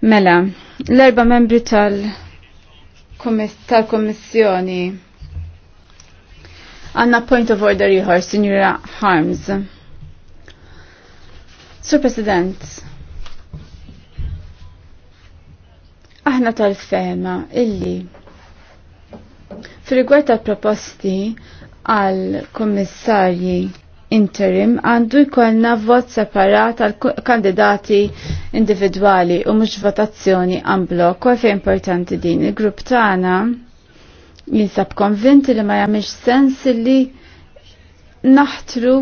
Mela, l-erba membri tal komissjoni Għanna point of order jħor, Signora Harms. Sur President, aħna tal-fema illi fil-rigward proposti għal komissarji interim għandu jkollna vot separat għal kandidati individwali u mhux votazzjoni għan blok. Kolfe importanti din il-grupp tagħna jinsab konvinti li ma jagħmilx sens li naħtru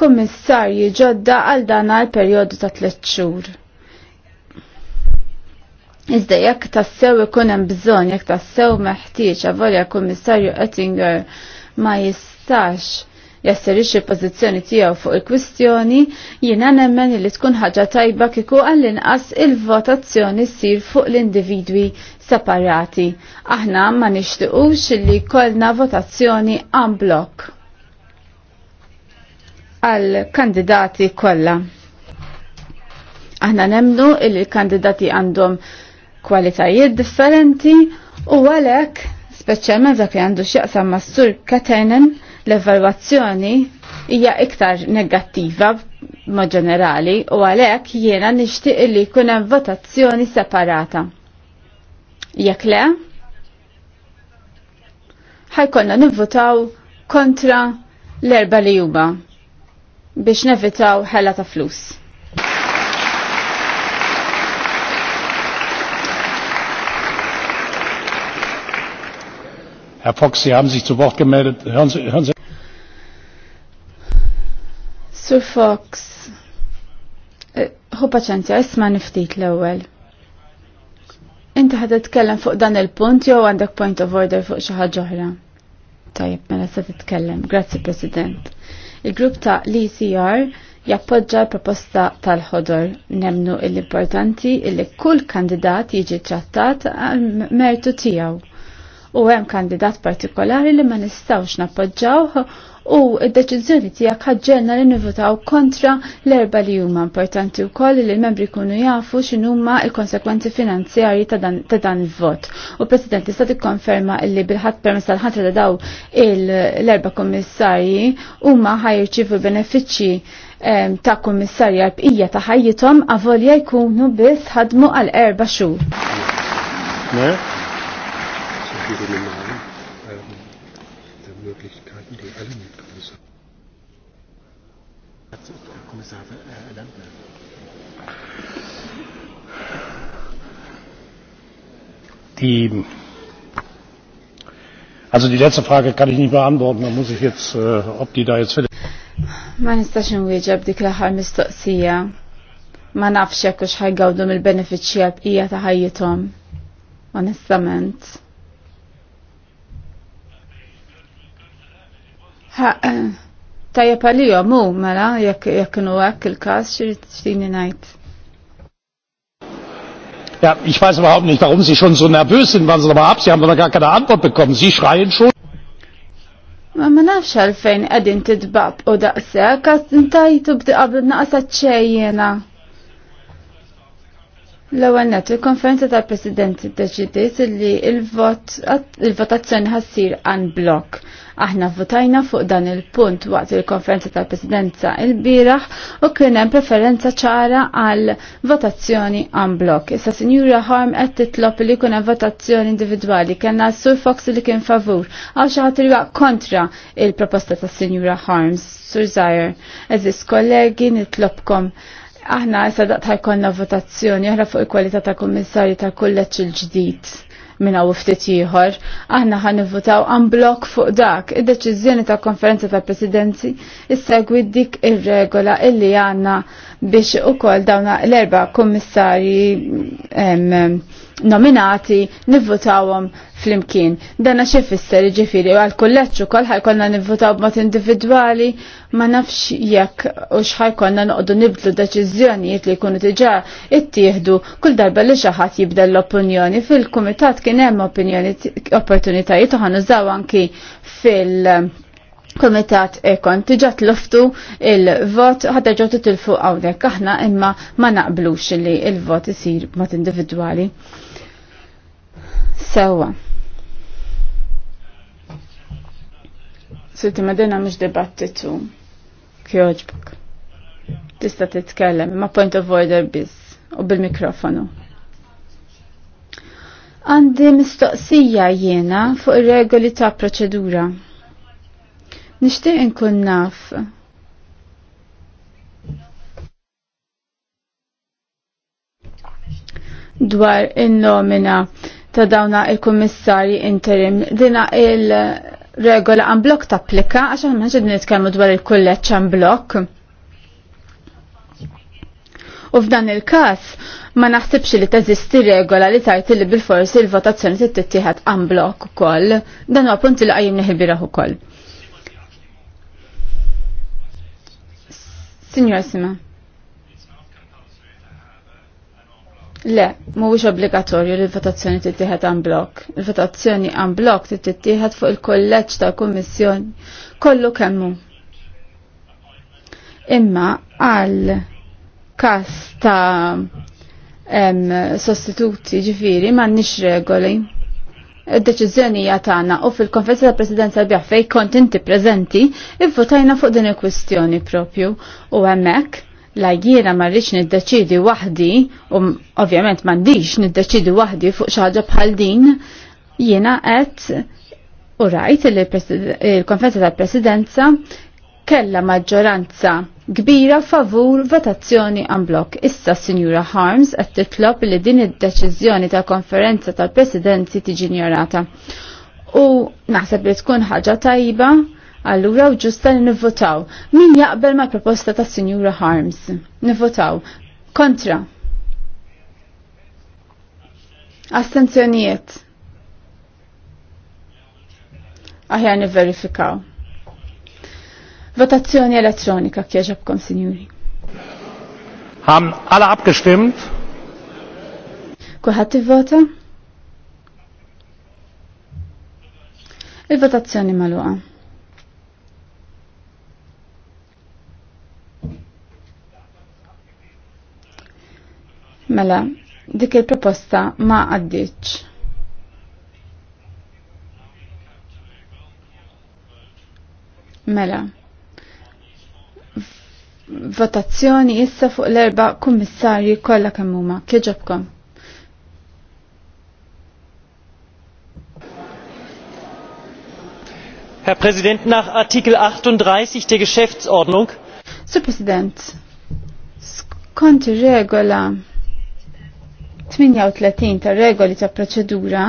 kummissarji ġodda għal dan għal perjodu ta' tliet xhur. Iżda jekk tassew ikun hemm bżonn, jekk tassew meħtieġ avolja kummissarju Oettinger ma jistax Jasserix il pożizzjoni tiegħu fuq il-kwistjoni, jiena nemmen li tkun ħaġa tajba kieku għall-inqas il-votazzjoni ssir fuq l-individwi separati. Aħna ma nishtiqux li kolna votazzjoni għan blok għal kandidati kollha. Aħna nemnu il kandidati għandhom kwalitajiet differenti u għalhekk speċjalment dak li għandu x'jaqsam mas Katenen l-evalwazzjoni hija iktar negattiva ma' ġenerali u għalhekk jiena nixtieq li jkun hemm votazzjoni separata. Jekk le, ħajkonna nivvotaw kontra l-erba li juba biex nevitaw ħella ta' flus. Herr Fox, Sie haben sich zu Wort gemeldet. Hören Sie, hören Sie. Sir Fox, hu eh, paċenzja, isma niftit l-ewel. Inti ħad titkellem fuq dan il-punt jew għandek point of order fuq xi ħaġa oħra. Tajjeb, mela se titkellem. Grazzi President. Il-grupp ta' l-ECR jappoġġa l-proposta tal-ħodor nemnu l-importanti li kull kandidat jiġi trattat għal mertu tiegħu u hemm kandidat partikolari li ma nistawx nappoġġawh u id-deċiżjoni tiegħek ħaġġelna li nivutaw kontra l-erba li huma importanti wkoll li l-membri jkunu jafu x'inhuma l-konsekwenzi finanzjarji ta' dan il-vot. U President tista' tikkonferma li bil-ħadd permess tal-ħatra li daw l-erba kummissarji huma ħajrċivu benefiċċji ta' kummissarji kummissarja bqija ta' ħajjithom avolja jkunu biss ħadmu għal erba' xhur jiġifieri minn äh, Möglichkeiten, die li għalhom Herr Kommissar äh, Die, also die letzte Frage kann ich nicht beantworten, da muss ich jetzt, äh, ob die da jetzt Man ist das will. Ma nistax nwieġeb dik l-aħħar mistoqsija. Ma nafx jekk hux ħajgawdu mill-benefiċċji għal bqija ta' ħajjithom. Onestament. Tajjeb għalihom mu, mela jekk jekk inhu il kas x'irid xtini najt. Ja, ich weiß überhaupt nicht, warum Sie schon so nervös sind. wann Sie doch mal ab, Sie haben doch gar keine Antwort bekommen. Sie schreien schon. Ma ma nafx għalfejn għedin tidbab u daqsek, għaz intajtu bdi qabel naqsa ċejjena. L-ewwel nett il-konferenza tal-Presidenti ddeċidiet li il-votazzjoni ħassir għan blok. Aħna votajna fuq dan il-punt waqt il-konferenza tal-Presidenza il biraħ u kien hemm preferenza ċara għal votazzjoni għan blok. Issa Sinjura Harm qed titlob li jkun hemm votazzjoni individwali kellna Sur Fox li kien favur għal xi ħadd kontra il-proposta tas Sinjura Harms. Sur Zajer, eżis kollegi nitlobkom Aħna issa daqt konna votazzjoni oħra fuq il-kwalità ta' kommissari ta' kulleġġ il-ġdid minna u ftit ieħor, aħna ħan votaw għan blok fuq dak. Id-deċiżjoni ta' konferenza ta' presidenzi issegwi dik ir-regola illi għanna biex ukoll dawna l-erba' kummissarji nominati nivvotawhom flimkien. Dana xie fisser u għal kolleċu ukoll ħajkonna nivvotaw b'mod individwali ma nafx jekk u x'ħajkonna noqdu nibdlu deċiżjonijiet li jkunu diġà ittieħdu kull darba li xi ħadd jibda l-opinjoni fil-kumitat kien hemm opinjoni opportunitajiet u ħanużaw anki fil- Komitat Ekon tiġa loftu il-vot ħadda ġo tilfu għawnek aħna imma ma naqblux li il-vot isir mod individwali. Sewa. Sitti madina mux dibattitu kjoġbuk. Tista titkellem ma point of order biss u bil-mikrofonu. Għandi mistoqsija jiena fuq ir-regoli ta' proċedura. Nishtiq nkun naf. Dwar in-nomina ta' dawna il-kummissarji interim dina il-regola għan blok ta' plika, għax għan maġed nitkellmu dwar il-kulleċ għan blok. U f'dan il-kas ma naħsibx li teżisti regola li tajt li bil-forsi il-votazzjoni tittieħed għan blok ukoll. Dan huwa punt li qajjim neħbiraħ ukoll. Signor Sima. Le, mhuwiex obbligatorju li l-votazzjoni tittieħed għan blok. Il-votazzjoni għan blok tittieħed fuq il-kolleġġ tal-Kummissjoni kollu kemmu. Imma għal kas ta' sostituti ġifiri ma' nix regoli id-deċiżjoni tagħna u fil-konferenza tal presidenza bjaħ fej kont inti preżenti, votajna fuq din il-kwistjoni propju u hemmhekk la jiena ma rridx niddeċidi waħdi u ovvjament m'għandix niddeċidi waħdi fuq xi ħaġa bħal din jiena qed u rajt il-konferenza tal-presidenza kella maġġoranza kbira favur votazzjoni blok. Issa Sinjura Harms qed titlob li din id-deċiżjoni ta' konferenza tal-Presidenzi tiġi ignorata. U naħseb li tkun ħaġa tajba allura u ġusta li nivvotaw. Min jaqbel mal proposta ta' Sinjura Harms? Nivvotaw. Kontra. Astenzjonijiet. Aħjar niverifikaw. verifikaw Votazzjoni elettronika kieġabkom, signori. Ham alla abgestimmt? Kuħat vota Il-votazzjoni maluqa. Mela, dik il-proposta ma għaddiċ. Mela votazzjoni issa fuq l-erba' kummissarji kollha kemm huma. Herr Präsident, nach Artikel 38 der Geschäftsordnung. Sir President, skont regola 38 ta' regoli ta' procedura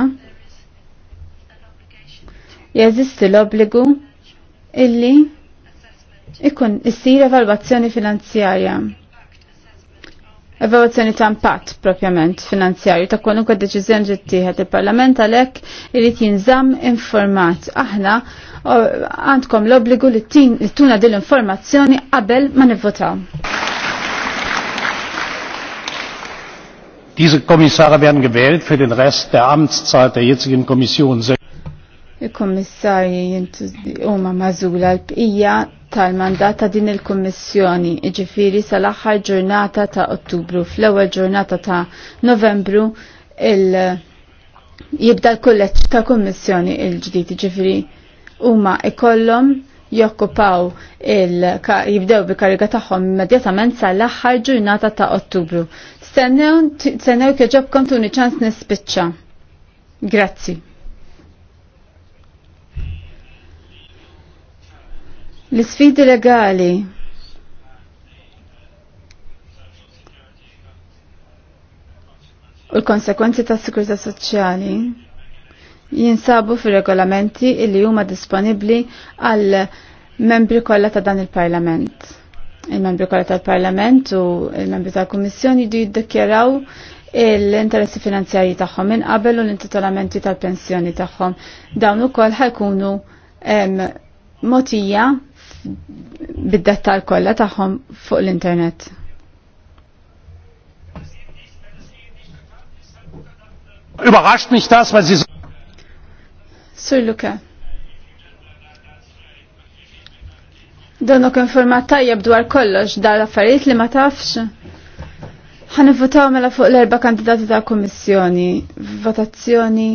jeżisti l-obbligu illi ikun issir evalwazzjoni finanzjarja. Evaluazzjoni ta' impatt propjament finanzjarju ta' kwalunkwe deċiżjoni li il-Parlament għalhekk irid jinżamm informat. Aħna għandkom l-obbligu li tuna din l-informazzjoni qabel ma nivvotaw. Diese Kommissare werden gewählt für den Rest der Amtszeit der jetzigen Kommission il-kommissarji huma mażula l-bqija tal-mandat ta' din il-kommissjoni, iġifiri sal-aħħar ġurnata ta' Ottubru, fl-ewwel ġurnata ta' Novembru il- jibda l-kolleġġ ta' kommissjoni il-ġdid, iġifiri huma ikollhom jokkupaw jibdew bi-kariga tagħhom immedjatament sal-aħħar ġurnata ta' Ottubru. Stennew kieġobkom tuni ċans nispiċċa. Grazzi. L-sfidi legali u l-konsekwenzi ta' sikurità soċjali jinsabu fil-regolamenti illi huma disponibli għal membri kollha ta' dan il-Parlament. Il-membri kollha tal-Parlament u il-membri tal-Kummissjoni jdu jiddikjaraw l-interessi finanzjarji tagħhom minn qabel u l-intitolamenti tal-pensjoni tagħhom. Dawn ukoll ħajkunu motija bid-dettal kollha tagħhom fuq l-internet. Überrascht mich das, weil Sie Sur Luca. Donu kien tajjeb dwar kollox dal affarijiet li ma tafx. votaw mela fuq l-erba' kandidati ta' kummissjoni, votazzjoni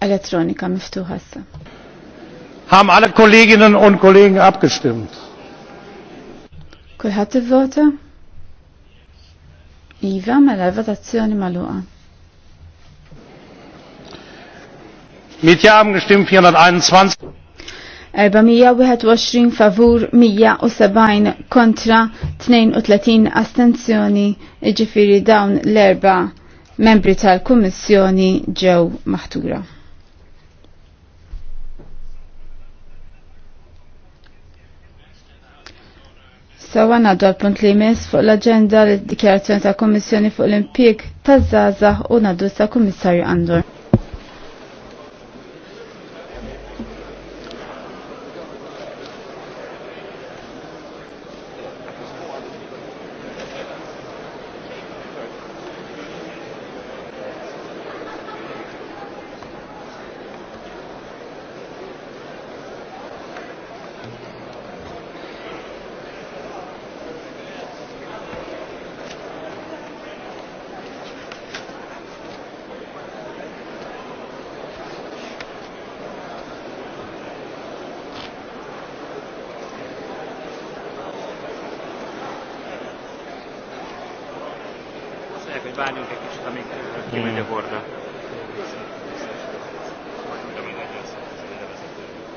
elettronika miftuħa sa. Haben alle Kolleginnen und Kollegen abgestimmt? Kulħat il-vota? Iva, mela votazzjoni maluqa. Mit ja haben gestimmt 421. 421 favur, 170 kontra, 32 astenzjoni, iġifiri dawn l-erba membri tal-Kummissjoni ġew maħtura. Sawa naddu għal-punt li jmiss fuq l-agenda l-dikjarazzjoni ta' Kommissjoni fuq l-impjeg ta' Zaza u naddu sa' Kommissarju Andor. várjunk egy kicsit, amíg kimegy a borda.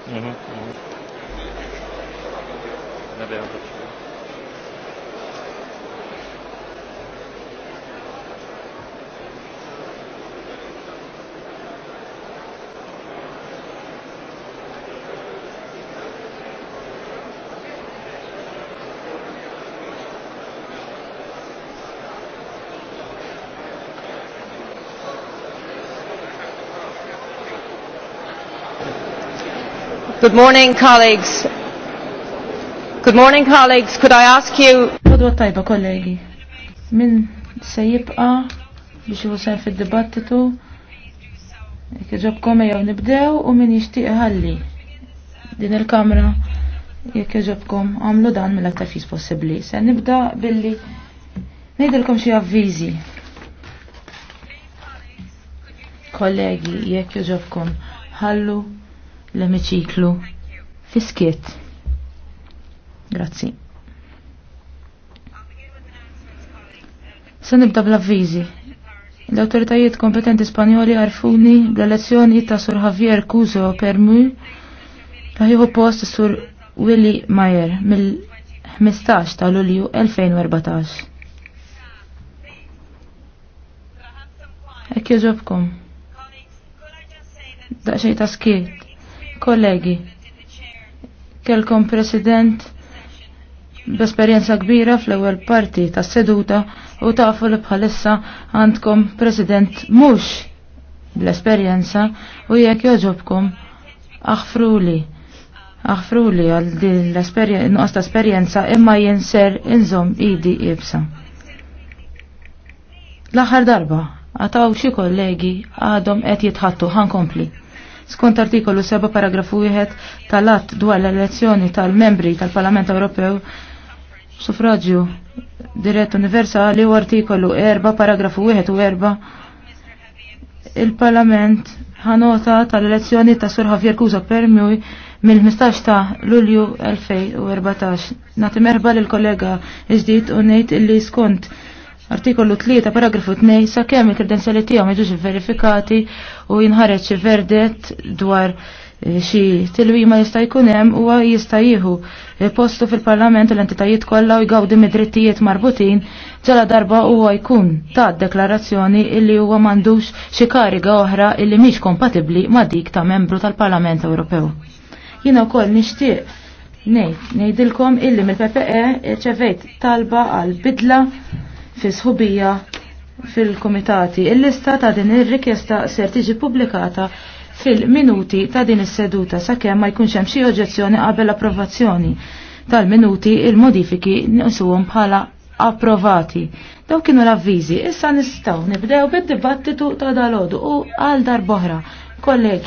Uh-huh, uh-huh. Ne bejelentetjük. Good morning, colleagues. Good morning, colleagues. Could I ask you... Kodwa tajba, kollegi. Min se jibqa biex ju sen fil-dibattitu. Jekġobkom jew nibdew u min jishtiq ħalli. Din il-kamra jekġobkom għamlu dan mill-aktar fis possibli. Se nibda billi nejdilkom xie avvizi. Kollegi, jekk joġobkom ħallu l-emiċiklu fiskiet. Grazzi. Se nibda bl-avvizi. L-autoritajiet kompetenti spanjoli għarfuni bl-elezzjoni ta' Sur Javier Cuso Permu raħiħu post Sur Willy Mayer mill-15 ta' Lulju 2014. Ekk joġobkom. Daqxej ta' skiet. Kollegi, kelkom president b'esperjenza kbira fl-ewwel parti tas seduta u tafu li bħalissa għandkom president mhux bl-esperjenza u jekk joġobkom aħfruli aħfruli għal din l-esperjenza esperjenza imma jinser inżom idi ibsa. L-aħħar darba għataw xi kollegi għadhom qed jitħattu ħankompli skont artikolu 7 paragrafu 1 tal-att dwar l-elezzjoni tal-membri tal-Parlament Ewropew Sufraġju dirett universali u artikolu 4 paragrafu 1 u 4 il-Parlament ħanota tal-elezzjoni ta' Sur Javier Kuza Permui mill-15 ta' Lulju 2014. Natim erba l-kollega iġdijt unnejt illi skont Artikolu 3, paragrafu 2, sa' kemm il-kredenzjali tiegħu jiġux verifikati u jinħareġ verdet dwar eh, xi tilwima jista' jkun hemm huwa jista' jieħu eh, postu fil-Parlament u l-entitajiet kollha u jgawdi mid-drittijiet marbutin ġala darba huwa jkun ta' deklarazzjoni illi huwa m'għandux xi kariga oħra illi mhix kompatibbli ma' dik ta' membru tal-Parlament Ewropew. Jiena wkoll nixtieq ngħid ngħidilkom illi mill-PPE ċevejt talba għal bidla fi sħubija fil-komitati. Il-lista ta' din ir-rikjesta ser tiġi pubblikata fil-minuti ta' din is-seduta sakemm ma jkunx hemm xi oġġezzjoni qabel approvazzjoni tal-minuti il-modifiki nisuhom bħala approvati. Daw kienu l-avviżi, issa nistgħu nibdew bid-dibattitu ta' dalodu u għal darboħra. Kollegi,